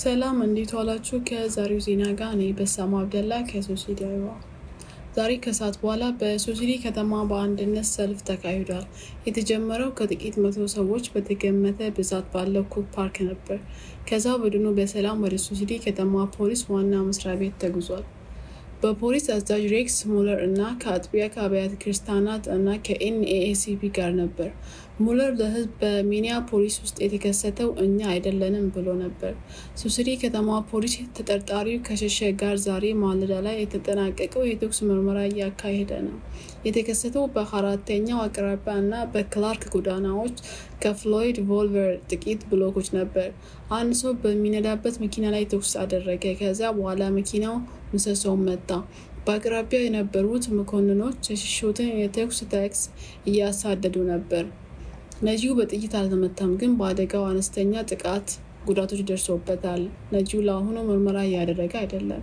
ሰላም እንዴት ዋላችሁ? ከዛሬው ዜና ጋር እኔ በሳማ አብደላ ከሶሲዲ አይዋ። ዛሬ ከሰዓት በኋላ በሶሲዲ ከተማ በአንድነት ሰልፍ ተካሂዷል። የተጀመረው ከጥቂት መቶ ሰዎች በተገመተ ብዛት ባለው ኩክ ፓርክ ነበር። ከዛ ቡድኑ በሰላም ወደ ሶሲዲ ከተማ ፖሊስ ዋና መስሪያ ቤት ተጉዟል። በፖሊስ አዛዥ ሬክስ ሙለር እና ከአጥቢያ ከአብያተ ክርስቲያናት እና ከኤንኤኤሲፒ ጋር ነበር። ሙለር ለህዝብ በሚኒያፖሊስ ውስጥ የተከሰተው እኛ አይደለንም ብሎ ነበር። ሱስሪ ከተማ ፖሊስ ተጠርጣሪው ከሸሸ ጋር ዛሬ ማለዳ ላይ የተጠናቀቀው የተኩስ ምርመራ እያካሄደ ነው። የተከሰተው በአራተኛው አቅራቢያ እና በክላርክ ጎዳናዎች ከፍሎይድ ቮልቨር ጥቂት ብሎኮች ነበር። አንድ ሰው በሚነዳበት መኪና ላይ ተኩስ አደረገ። ከዚያ በኋላ መኪናው ምሰሶውን መታ። በአቅራቢያ የነበሩት መኮንኖች የሽሹትን የተኩስ ታክስ እያሳደዱ ነበር። ነጂው በጥይት አልተመታም፣ ግን በአደጋው አነስተኛ ጥቃት ጉዳቶች ደርሶበታል። ነጂው ለአሁኑ ምርመራ እያደረገ አይደለም።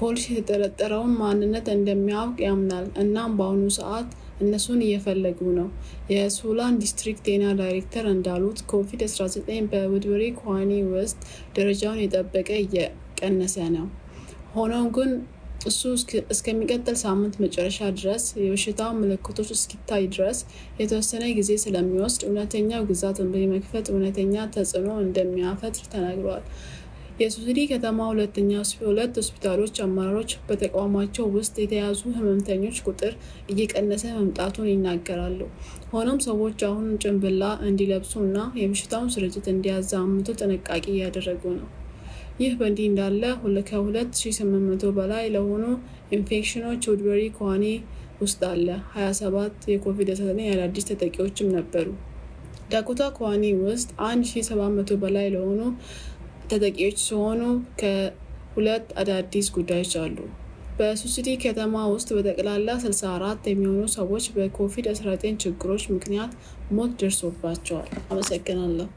ፖሊስ የተጠረጠረውን ማንነት እንደሚያውቅ ያምናል፣ እናም በአሁኑ ሰዓት እነሱን እየፈለጉ ነው። የሱላን ዲስትሪክት ጤና ዳይሬክተር እንዳሉት ኮቪድ-19 በውድበሪ ኳኒ ውስጥ ደረጃውን የጠበቀ እየቀነሰ ነው። ሆኖም ግን እሱ እስከሚቀጥል ሳምንት መጨረሻ ድረስ የበሽታው ምልክቶች እስኪታይ ድረስ የተወሰነ ጊዜ ስለሚወስድ እውነተኛው ግዛትን በመክፈት እውነተኛ ተጽዕኖ እንደሚያፈጥር ተናግረዋል። የሱስዲ ከተማ ሁለተኛ ሁለት ሆስፒታሎች አመራሮች በተቋማቸው ውስጥ የተያዙ ህመምተኞች ቁጥር እየቀነሰ መምጣቱን ይናገራሉ። ሆኖም ሰዎች አሁን ጭንብላ እንዲለብሱ እና የበሽታውን ስርጭት እንዲያዛምቱ ጥንቃቄ እያደረጉ ነው። ይህ በእንዲህ እንዳለ ከ2800 በላይ ለሆኑ ኢንፌክሽኖች ውድበሪ ከዋኒ ውስጥ አለ። 27 የኮቪድ-19 አዳዲስ ተጠቂዎችም ነበሩ። ዳኮታ ከዋኒ ውስጥ 1700 በላይ ለሆኑ ተጠቂዎች ሲሆኑ ከሁለት አዳዲስ ጉዳዮች አሉ። በሱሲቲ ከተማ ውስጥ በጠቅላላ 64 የሚሆኑ ሰዎች በኮቪድ-19 ችግሮች ምክንያት ሞት ደርሶባቸዋል። አመሰግናለሁ።